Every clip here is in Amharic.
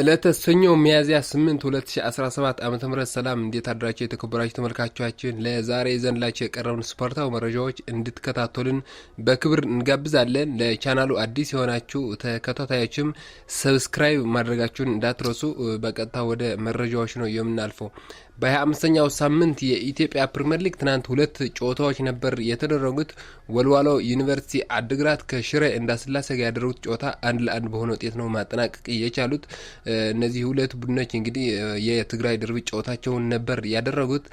ዕለተ ሰኞ ሚያዝያ 8 2017 ም ሰላም፣ እንዴት አድራቸው የተከበራችሁ ተመልካቾቻችን? ለዛሬ ዘንላቸው የቀረቡን ስፖርታዊ መረጃዎች እንድትከታተሉን በክብር እንጋብዛለን። ለቻናሉ አዲስ የሆናችሁ ተከታታዮችም ሰብስክራይብ ማድረጋችሁን እንዳትረሱ። በቀጥታ ወደ መረጃዎች ነው የምናልፈው። በ25ኛው ሳምንት የኢትዮጵያ ፕሪምየር ሊግ ትናንት ሁለት ጨዋታዎች ነበር የተደረጉት። ወልዋሎ ዩኒቨርሲቲ አድግራት ከሽረ እንዳስላሴ ጋር ያደረጉት ጨዋታ አንድ ለአንድ በሆነ ውጤት ነው ማጠናቀቅ የቻሉት። እነዚህ ሁለት ቡድኖች እንግዲህ የትግራይ ድርብ ጨዋታቸውን ነበር ያደረጉት።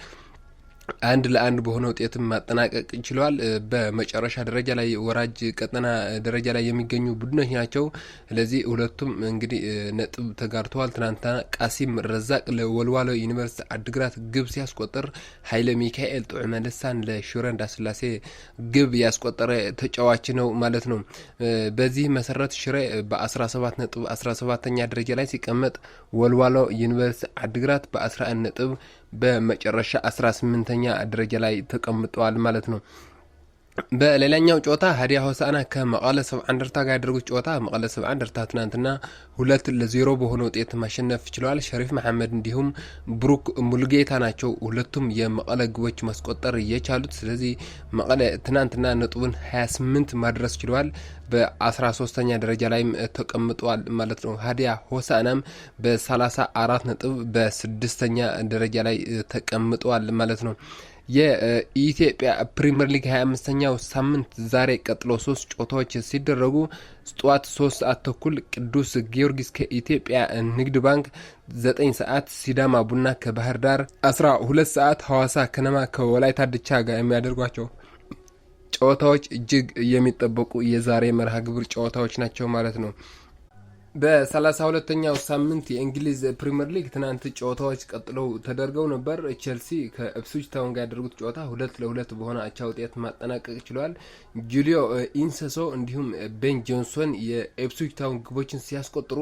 አንድ ለአንድ በሆነ ውጤትም ማጠናቀቅ ችለዋል። በመጨረሻ ደረጃ ላይ ወራጅ ቀጠና ደረጃ ላይ የሚገኙ ቡድኖች ናቸው። ስለዚህ ሁለቱም እንግዲህ ነጥብ ተጋርተዋል። ትናንትና ቃሲም ረዛቅ ለወልዋሎ ዩኒቨርሲቲ አድግራት ግብ ሲያስቆጠር ኃይለ ሚካኤል ጥዑመ ልሳን ለሽረ እንዳስላሴ ግብ ያስቆጠረ ተጫዋች ነው ማለት ነው። በዚህ መሰረት ሽረ በ17 ነጥብ 17ኛ ደረጃ ላይ ሲቀመጥ ወልዋሎ ዩኒቨርሲቲ አድግራት በ11 ነጥብ በመጨረሻ 18ኛ ደረጃ ላይ ተቀምጠዋል ማለት ነው። በሌላኛው ጨዋታ ሀዲያ ሆሳና ከመቀለ ሰብ እንደርታ ጋር ያደረጉት ጨዋታ መቀለ ሰብ እንደርታ ትናንትና ሁለት ለዜሮ በሆነ ውጤት ማሸነፍ ችለዋል። ሸሪፍ መሐመድ እንዲሁም ብሩክ ሙልጌታ ናቸው ሁለቱም የመቀለ ግቦች ማስቆጠር የቻሉት። ስለዚህ መቀለ ትናንትና ነጥቡን 28 ማድረስ ችለዋል። በ13ተኛ ደረጃ ላይም ተቀምጠዋል ማለት ነው። ሀዲያ ሆሳዕናም በ34 ነጥብ በስድስተኛ ደረጃ ላይ ተቀምጠዋል ማለት ነው። የኢትዮጵያ ፕሪምየር ሊግ 25ኛው ሳምንት ዛሬ ቀጥሎ ሶስት ጨዋታዎች ሲደረጉ ጠዋት ሶስት ሰዓት ተኩል ቅዱስ ጊዮርጊስ ከኢትዮጵያ ንግድ ባንክ፣ ዘጠኝ ሰዓት ሲዳማ ቡና ከባህር ዳር፣ አስራ ሁለት ሰዓት ሐዋሳ ከነማ ከወላይታ ድቻ ጋር የሚያደርጓቸው ጨዋታዎች እጅግ የሚጠበቁ የዛሬ መርሃ ግብር ጨዋታዎች ናቸው ማለት ነው። በሰላሳ ሁለተኛው ሳምንት የእንግሊዝ ፕሪምየር ሊግ ትናንት ጨዋታዎች ቀጥለው ተደርገው ነበር። ቼልሲ ከኢፕስዊች ታውን ጋር ያደረጉት ጨዋታ ሁለት ለሁለት በሆነ አቻ ውጤት ማጠናቀቅ ችሏል። ጁሊዮ ኢንሰሶ እንዲሁም ቤን ጆንሶን የኢፕስዊች ታውን ግቦችን ሲያስቆጥሩ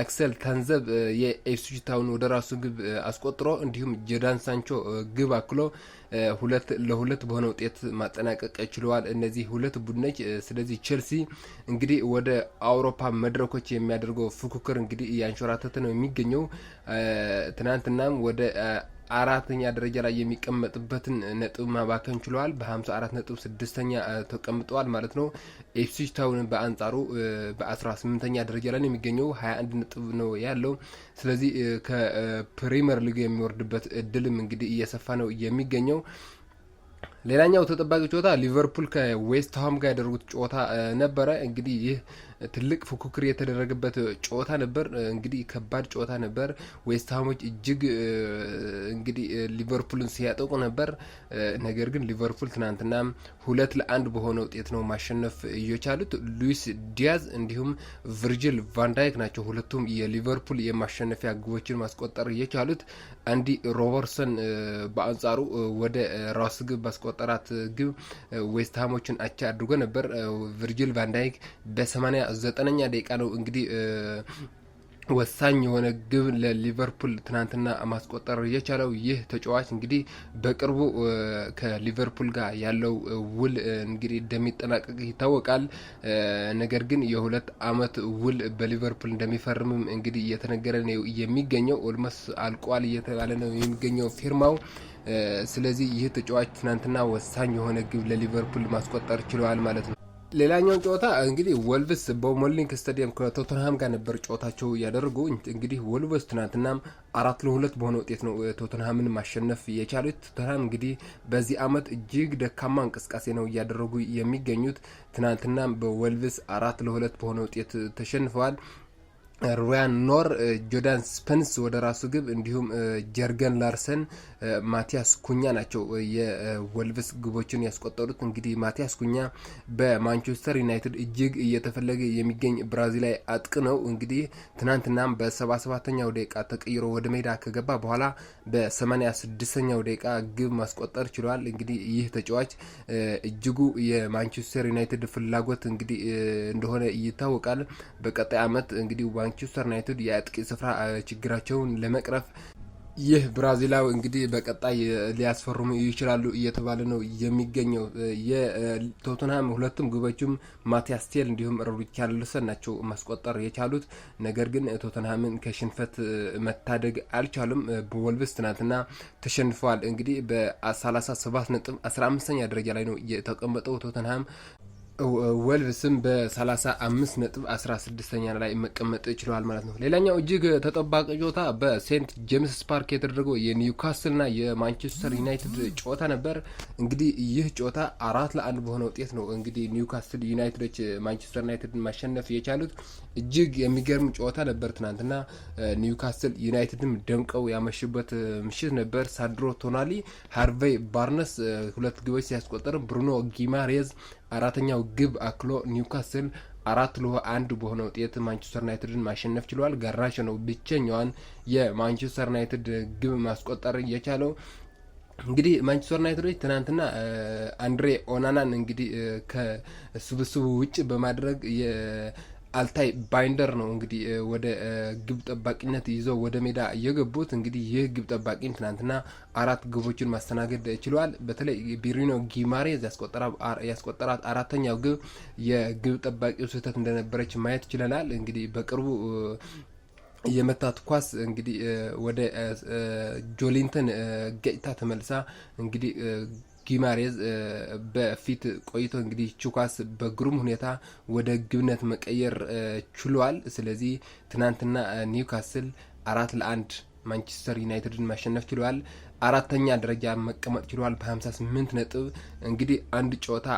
አክሰል ታንዘብ የኤፍሱጂ ታውን ወደ ራሱ ግብ አስቆጥሮ እንዲሁም ጀዳን ሳንቾ ግብ አክሎ ሁለት ለሁለት በሆነ ውጤት ማጠናቀቅ ችለዋል። እነዚህ ሁለት ቡድኖች ስለዚህ ቼልሲ እንግዲህ ወደ አውሮፓ መድረኮች የሚያደርገው ፉክክር እንግዲህ እያንሸራተተ ነው የሚገኘው ትናንትናም ወደ አራተኛ ደረጃ ላይ የሚቀመጥበትን ነጥብ ማባከን ችሏል። በ54 ነጥብ ስድስተኛ ተቀምጠዋል ማለት ነው። ኢፕስዊች ታውን በአንጻሩ በ18ኛ ደረጃ ላይ ነው የሚገኘው 21 ነጥብ ነው ያለው። ስለዚህ ከፕሪምየር ሊግ የሚወርድበት እድልም እንግዲህ እየሰፋ ነው የሚገኘው። ሌላኛው ተጠባቂ ጨዋታ ሊቨርፑል ከዌስትሃም ጋር ያደረጉት ጨዋታ ነበረ። እንግዲህ ይህ ትልቅ ፉክክር የተደረገበት ጨዋታ ነበር። እንግዲህ ከባድ ጨዋታ ነበር። ዌስትሃሞች እጅግ እንግዲህ ሊቨርፑልን ሲያጠቁ ነበር። ነገር ግን ሊቨርፑል ትናንትና ሁለት ለአንድ በሆነ ውጤት ነው ማሸነፍ እየቻሉት። ሉዊስ ዲያዝ እንዲሁም ቪርጅል ቫንዳይክ ናቸው ሁለቱም የሊቨርፑል የማሸነፊያ ግቦችን ማስቆጠር እየቻሉት። አንዲ ሮበርሰን በአንጻሩ ወደ ራስ ግብ ማስቆጠር ባስቆጠራት uh, ግብ ዌስትሃሞችን uh, አቻ አድርጎ ነበር። ቪርጂል ቫንዳይክ በ89ኛ ደቂቃ ነው እንግዲህ uh, ወሳኝ የሆነ ግብ ለሊቨርፑል ትናንትና ማስቆጠር የቻለው ይህ ተጫዋች እንግዲህ በቅርቡ ከሊቨርፑል ጋር ያለው ውል እንግዲህ እንደሚጠናቀቅ ይታወቃል። ነገር ግን የሁለት አመት ውል በሊቨርፑል እንደሚፈርምም እንግዲህ እየተነገረ ነው የሚገኘው። ኦልሞስ አልቋል እየተባለ ነው የሚገኘው ፊርማው። ስለዚህ ይህ ተጫዋች ትናንትና ወሳኝ የሆነ ግብ ለሊቨርፑል ማስቆጠር ችለዋል ማለት ነው። ሌላኛውን ጨዋታ እንግዲህ ወልቭስ በሞሊንክ ስታዲየም ከቶተንሃም ጋር ነበር ጨዋታቸው እያደረጉ እንግዲህ ወልቭስ ትናንትናም አራት ለሁለት በሆነ ውጤት ነው ቶተንሃምን ማሸነፍ የቻሉት። ቶተንሃም እንግዲህ በዚህ አመት እጅግ ደካማ እንቅስቃሴ ነው እያደረጉ የሚገኙት። ትናንትና በወልቭስ አራት ለሁለት በሆነ ውጤት ተሸንፈዋል። ሩያን ኖር፣ ጆዳን ስፐንስ ወደ ራሱ ግብ እንዲሁም ጀርገን ላርሰን፣ ማቲያስ ኩኛ ናቸው የወልቭስ ግቦችን ያስቆጠሩት። እንግዲህ ማቲያስ ኩኛ በማንቸስተር ዩናይትድ እጅግ እየተፈለገ የሚገኝ ብራዚላዊ አጥቂ ነው። እንግዲህ ትናንትናም በ 77 ደቂቃ ተቀይሮ ወደ ሜዳ ከገባ በኋላ በ86ኛው ደቂቃ ግብ ማስቆጠር ችሏል። እንግዲህ ይህ ተጫዋች እጅጉ የማንቸስተር ዩናይትድ ፍላጎት እንግዲህ እንደሆነ ይታወቃል። በቀጣይ አመት እንግዲህ ማንቸስተር ዩናይትድ የአጥቂ ስፍራ ችግራቸውን ለመቅረፍ ይህ ብራዚላዊ እንግዲህ በቀጣይ ሊያስፈርሙ ይችላሉ እየተባለ ነው የሚገኘው። የቶትንሃም ሁለቱም ግቦችም ማቲያስ ቴል እንዲሁም ሪቻርልሰን ናቸው ማስቆጠር የቻሉት። ነገር ግን ቶትንሃምን ከሽንፈት መታደግ አልቻሉም። በወልቭስ ትናንትና ተሸንፈዋል። እንግዲህ በ37 ነጥብ 15ኛ ደረጃ ላይ ነው የተቀመጠው ቶትንሃም ወልቭስም በ35 ነጥብ 16ኛ ላይ መቀመጥ ችለዋል ማለት ነው። ሌላኛው እጅግ ተጠባቂ ጨዋታ በሴንት ጄምስ ፓርክ የተደረገው የኒውካስልና የማንቸስተር ዩናይትድ ጨዋታ ነበር። እንግዲህ ይህ ጨዋታ አራት ለአንድ በሆነ ውጤት ነው እንግዲህ ኒውካስል ዩናይትዶች ማንቸስተር ዩናይትድን ማሸነፍ የቻሉት። እጅግ የሚገርም ጨዋታ ነበር። ትናንትና ኒውካስል ዩናይትድም ደምቀው ያመሽበት ምሽት ነበር። ሳድሮ ቶናሊ፣ ሃርቬይ ባርነስ ሁለት ግቦች ሲያስቆጠርም ብሩኖ ጊማሬዝ አራተኛው ግብ አክሎ ኒውካስል አራት አንድ በሆነ ውጤት ማንቸስተር ዩናይትድን ማሸነፍ ችሏል። ጋራሽ ነው ብቸኛዋን የማንቸስተር ዩናይትድ ግብ ማስቆጠር የቻለው። እንግዲህ ማንቸስተር ዩናይትዶች ትናንትና አንድሬ ኦናናን እንግዲህ ከስብስቡ ውጭ በማድረግ አልታይ ባይንደር ነው እንግዲህ ወደ ግብ ጠባቂነት ይዘው ወደ ሜዳ የገቡት። እንግዲህ ይህ ግብ ጠባቂም ትናንትና አራት ግቦችን ማስተናገድ ችሏል። በተለይ ቢሪኖ ጊማሬዝ ያስቆጠራት አራተኛው ግብ የግብ ጠባቂው ስህተት እንደነበረች ማየት ችለናል። እንግዲህ በቅርቡ የመታት ኳስ እንግዲህ ወደ ጆሊንተን ገጭታ ተመልሳ እንግዲህ ጊማሬዝ በፊት ቆይቶ እንግዲህ ቹኳስ በግሩም ሁኔታ ወደ ግብነት መቀየር ችሏል። ስለዚህ ትናንትና ኒውካስል አራት ለአንድ ማንቸስተር ዩናይትድን ማሸነፍ ችሏል። አራተኛ ደረጃ መቀመጥ ችሏል በ58 ነጥብ። እንግዲህ አንድ ጨዋታ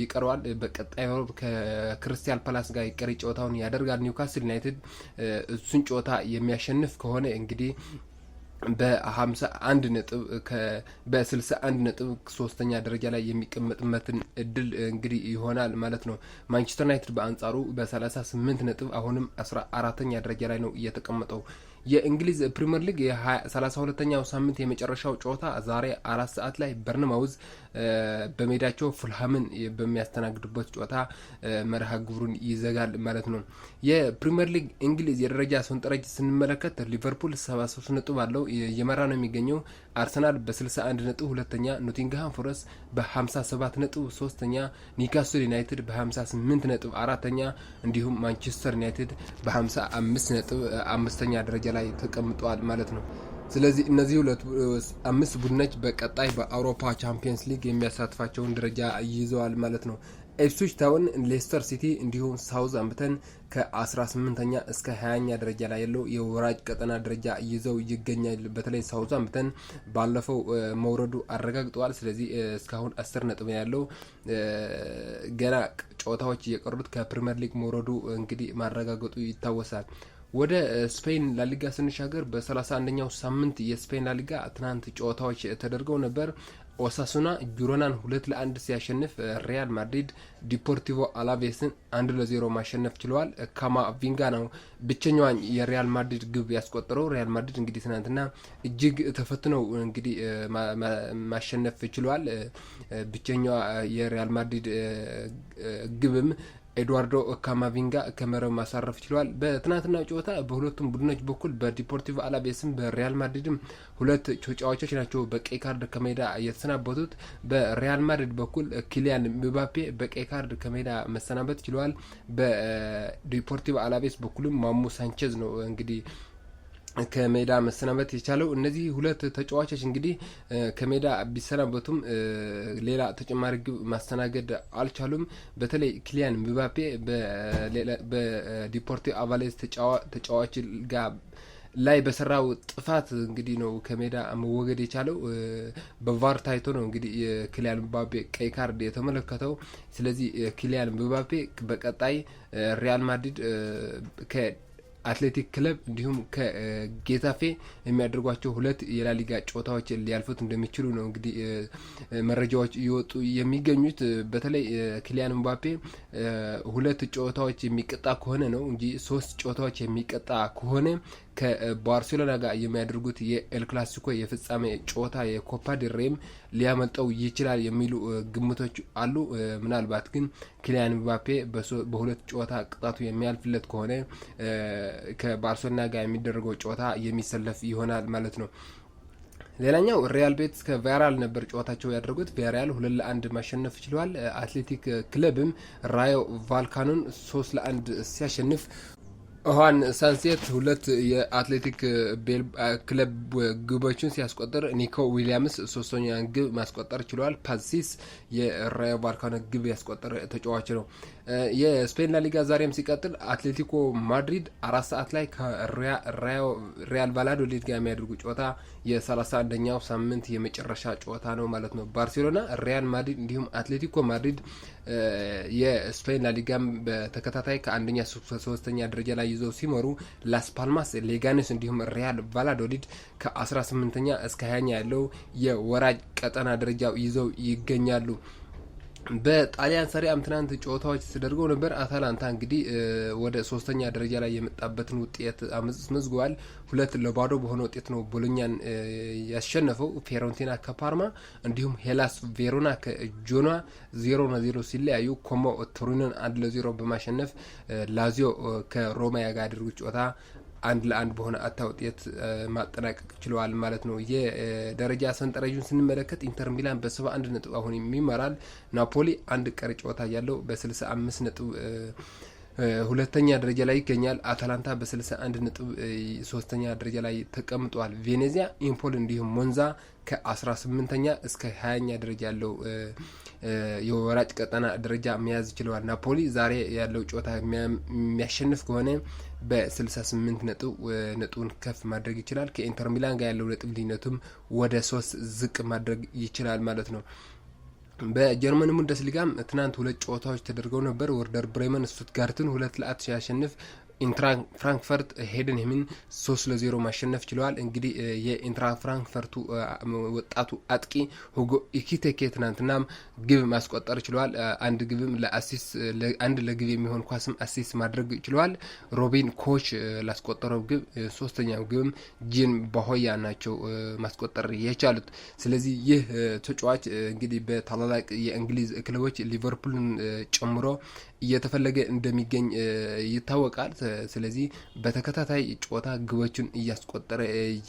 ይቀረዋል። በቀጣይ ወር ከክርስቲያል ፓላስ ጋር የቀሪ ጨዋታውን ያደርጋል ኒውካስል ዩናይትድ። እሱን ጨዋታ የሚያሸንፍ ከሆነ እንግዲህ በ51 ነጥብ በ61 ነጥብ ሶስተኛ ደረጃ ላይ የሚቀመጥበትን እድል እንግዲህ ይሆናል ማለት ነው። ማንቸስተር ዩናይትድ በአንጻሩ በ38 ነጥብ አሁንም 14ተኛ ደረጃ ላይ ነው እየተቀመጠው። የእንግሊዝ ፕሪምየር ሊግ የ32ኛው ሳምንት የመጨረሻው ጨዋታ ዛሬ አራት ሰዓት ላይ በርንማውዝ በሜዳቸው ፉልሃምን በሚያስተናግዱበት ጨዋታ መርሃ ግብሩን ይዘጋል ማለት ነው። የፕሪምየር ሊግ እንግሊዝ የደረጃ ሰንጠረዥ ስንመለከት ሊቨርፑል 73 ነጥብ አለው እየመራ ነው የሚገኘው። አርሰናል በ61 ነጥብ ሁለተኛ፣ ኖቲንግሃም ፎረስት በ57 ነጥብ ሶስተኛ፣ ኒካስል ዩናይትድ በ58 ነጥብ አራተኛ፣ እንዲሁም ማንቸስተር ዩናይትድ በ55 ነጥብ አምስተኛ ደረጃ ላይ ተቀምጠዋል ማለት ነው። ስለዚህ እነዚህ ሁለት አምስት ቡድኖች በቀጣይ በአውሮፓ ቻምፒየንስ ሊግ የሚያሳትፋቸውን ደረጃ ይዘዋል ማለት ነው። ኢፕስዊች ታውን፣ ሌስተር ሲቲ እንዲሁም ሳውዝ አምፕተን ከ18ኛ እስከ 20ኛ ደረጃ ላይ ያለው የወራጅ ቀጠና ደረጃ ይዘው ይገኛል። በተለይ ሳውዝ አምብተን ባለፈው መውረዱ አረጋግጠዋል። ስለዚህ እስካሁን 10 ነጥብ ያለው ገና ጨዋታዎች እየቀሩት ከፕሪምየር ሊግ መውረዱ እንግዲህ ማረጋገጡ ይታወሳል። ወደ ስፔን ላሊጋ ስንሻገር በሰላሳ አንደኛው ሳምንት የስፔን ላሊጋ ትናንት ጨዋታዎች ተደርገው ነበር። ኦሳሱና ጁሮናን ሁለት ለአንድ ሲያሸንፍ ሪያል ማድሪድ ዲፖርቲቮ አላቬስን አንድ ለዜሮ ማሸነፍ ችለዋል። ካማቪንጋ ነው ብቸኛዋን የሪያል ማድሪድ ግብ ያስቆጠረው። ሪያል ማድሪድ እንግዲህ ትናንትና እጅግ ተፈትነው እንግዲህ ማሸነፍ ችለዋል። ብቸኛዋ የሪያል ማድሪድ ግብም ኤድዋርዶ ካማቪንጋ ከመረብ ማሳረፍ ችሏል። በትናንትናው ጨዋታ በሁለቱም ቡድኖች በኩል በዲፖርቲቭ አላቤስም በሪያል ማድሪድም ሁለት ተጫዋቾች ናቸው በቀይ ካርድ ከሜዳ የተሰናበቱት። በሪያል ማድሪድ በኩል ኪሊያን ምባፔ በቀይ ካርድ ከሜዳ መሰናበት ችለዋል። በዲፖርቲቭ አላቤስ በኩልም ማሙ ሳንቼዝ ነው እንግዲህ ከሜዳ መሰናበት የቻለው እነዚህ ሁለት ተጫዋቾች እንግዲህ ከሜዳ ቢሰናበቱም ሌላ ተጨማሪ ግብ ማስተናገድ አልቻሉም። በተለይ ኪሊያን ምባፔ በዲፖርቲ አቫሌዝ ተጫዋች ጋር ላይ በሰራው ጥፋት እንግዲህ ነው ከሜዳ መወገድ የቻለው። በቫር ታይቶ ነው እንግዲህ የክሊያን ምባፔ ቀይ ካርድ የተመለከተው። ስለዚህ ክሊያን ምባፔ በቀጣይ ሪያል ማድሪድ አትሌቲክ ክለብ እንዲሁም ከጌታፌ የሚያደርጓቸው ሁለት የላሊጋ ጨዋታዎች ሊያልፉት እንደሚችሉ ነው እንግዲህ መረጃዎች እየወጡ የሚገኙት። በተለይ ክሊያን ምባፔ ሁለት ጨዋታዎች የሚቀጣ ከሆነ ነው እንጂ ሶስት ጨዋታዎች የሚቀጣ ከሆነ ከባርሴሎና ጋር የሚያደርጉት የኤልክላሲኮ የፍጻሜ ጨዋታ የኮፓ ድሬም ሊያመልጠው ይችላል የሚሉ ግምቶች አሉ። ምናልባት ግን ኪሊያን ምባፔ በሁለት ጨዋታ ቅጣቱ የሚያልፍለት ከሆነ ከባርሴሎና ጋር የሚደረገው ጨዋታ የሚሰለፍ ይሆናል ማለት ነው። ሌላኛው ሪያል ቤትስ ከቫያሪያል ነበር ጨዋታቸው ያደረጉት። ቫያሪያል ሁለት ለአንድ ማሸነፍ ችለዋል። አትሌቲክ ክለብም ራዮ ቫልካኖን ሶስት ለአንድ ሲያሸንፍ ኦሃን ሳንሴት ሁለት የአትሌቲክ ክለብ ግቦችን ሲያስቆጥር ኒኮ ዊሊያምስ ሶስተኛን ግብ ማስቆጠር ችሏል። ፓሲስ የራዮ ቫርካኖ ግብ ያስቆጠረ ተጫዋች ነው። የስፔን ላሊጋ ዛሬም ሲቀጥል አትሌቲኮ ማድሪድ አራት ሰዓት ላይ ከሪያል ቫላዶሊድ ጋር የሚያደርጉ ጨዋታ የሰላሳ አንደኛው ሳምንት የመጨረሻ ጨዋታ ነው ማለት ነው። ባርሴሎና፣ ሪያል ማድሪድ እንዲሁም አትሌቲኮ ማድሪድ የስፔን ላሊጋም በተከታታይ ከአንደኛ ሶስተኛ ደረጃ ላይ ይዘው ሲመሩ ላስፓልማስ፣ ሌጋኔስ እንዲሁም ሪያል ቫላዶሊድ ከ18ኛ እስከ 20ኛ ያለው የወራጅ ቀጠና ደረጃ ይዘው ይገኛሉ። በጣሊያን ሰሪያም ትናንት ጨዋታዎች ተደርገው ነበር። አታላንታ እንግዲህ ወደ ሶስተኛ ደረጃ ላይ የመጣበትን ውጤት አስመዝግቧል። ሁለት ለባዶ በሆነ ውጤት ነው ቦሎኛን ያሸነፈው። ፌሮንቲና ከፓርማ እንዲሁም ሄላስ ቬሮና ከጆና ዜሮ ና ዜሮ ሲለያዩ ኮሞ ቶሪኖን አንድ ለዜሮ በማሸነፍ ላዚዮ ከሮማ ያጋ ያደርጉት ጨዋታ አንድ ለአንድ በሆነ አታ ውጤት ማጠናቀቅ ችለዋል ማለት ነው። የደረጃ ሰንጠረዥን ስንመለከት ኢንተር ሚላን በ71 ነጥብ አሁን የሚመራል። ናፖሊ አንድ ቀሪ ጨዋታ ያለው በ65 ነጥብ ሁለተኛ ደረጃ ላይ ይገኛል። አታላንታ በ61 ነጥብ ሶስተኛ ደረጃ ላይ ተቀምጧል። ቬኔዚያ፣ ኢምፖል እንዲሁም ሞንዛ ከ18ኛ እስከ 20ኛ ደረጃ ያለው የወራጭ ቀጠና ደረጃ መያዝ ችለዋል። ናፖሊ ዛሬ ያለው ጨዋታ የሚያሸንፍ ከሆነ በ68 ነጥብ ነጥቡን ከፍ ማድረግ ይችላል። ከኢንተር ሚላን ጋር ያለው ነጥብ ልዩነቱም ወደ ሶስት ዝቅ ማድረግ ይችላል ማለት ነው። በጀርመን ቡንደስሊጋም ትናንት ሁለት ጨዋታዎች ተደርገው ነበር። ወርደር ብሬመን ስቱትጋርትን ሁለት ለአት ሲያሸንፍ ኢንትራ ፍራንክፈርት ሄደንሄምን ሶስት ለዜሮ ማሸነፍ ችለዋል። እንግዲህ የኢንትራ ፍራንክፈርቱ ወጣቱ አጥቂ ሁጎ ኢኪቴኬ ትናንትናም ግብ ማስቆጠር ችለዋል። አንድ ግብም ለአሲስ አንድ ለግብ የሚሆን ኳስም አሲስት ማድረግ ችለዋል። ሮቢን ኮች ላስቆጠረው ግብ ሶስተኛው ግብም ጂን ባሆያ ናቸው ማስቆጠር የቻሉት። ስለዚህ ይህ ተጫዋች እንግዲህ በታላላቅ የእንግሊዝ ክለቦች ሊቨርፑልን ጨምሮ እየተፈለገ እንደሚገኝ ይታወቃል። ስለዚህ በተከታታይ ጨዋታ ግቦችን እያስቆጠረ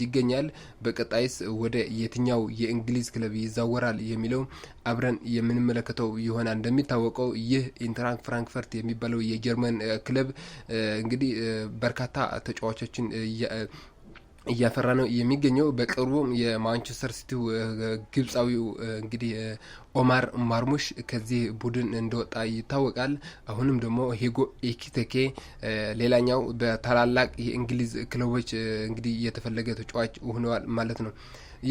ይገኛል። በቀጣይስ ወደ የትኛው የእንግሊዝ ክለብ ይዛወራል የሚለው አብረን የምንመለከተው ይሆናል። እንደሚታወቀው ይህ ኢንትራንክ ፍራንክፈርት የሚባለው የጀርመን ክለብ እንግዲህ በርካታ ተጫዋቾችን እያፈራ ነው የሚገኘው። በቅርቡም የማንቸስተር ሲቲው ግብፃዊው እንግዲህ ኦማር ማርሙሽ ከዚህ ቡድን እንደወጣ ይታወቃል። አሁንም ደግሞ ሄጎ ኤኪቴኬ ሌላኛው በታላላቅ የእንግሊዝ ክለቦች እንግዲህ የተፈለገ ተጫዋች ሆነዋል ማለት ነው።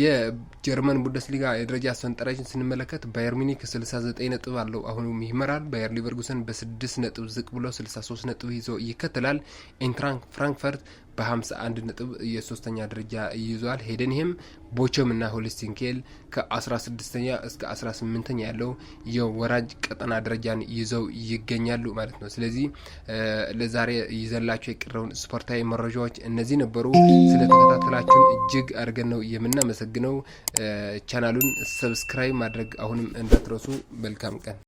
የጀርመን ቡንደስሊጋ የደረጃ ሰንጠረዥን ስንመለከት ባየር ሚኒክ 69 ነጥብ አለው፣ አሁንም ይመራል። ባየር ሊቨርጉሰን በ6 ነጥብ ዝቅ ብሎ 63 ነጥብ ይዞ ይከተላል። ኢንትራንክ ፍራንክፈርት በ51 ነጥብ የሶስተኛ ደረጃ ይዟል። ሄደንሄም፣ ቦቸም እና ሆልስቲንኬል ከ16ኛ እስከ 18ኛ ያለው የወራጅ ቀጠና ደረጃን ይዘው ይገኛሉ ማለት ነው። ስለዚህ ለዛሬ ይዘላቸው የቀረውን ስፖርታዊ መረጃዎች እነዚህ ነበሩ። ስለተከታተላችሁን እጅግ አድርገን ነው የምናመሰግነው። ቻናሉን ሰብስክራይብ ማድረግ አሁንም እንዳትረሱ። መልካም ቀን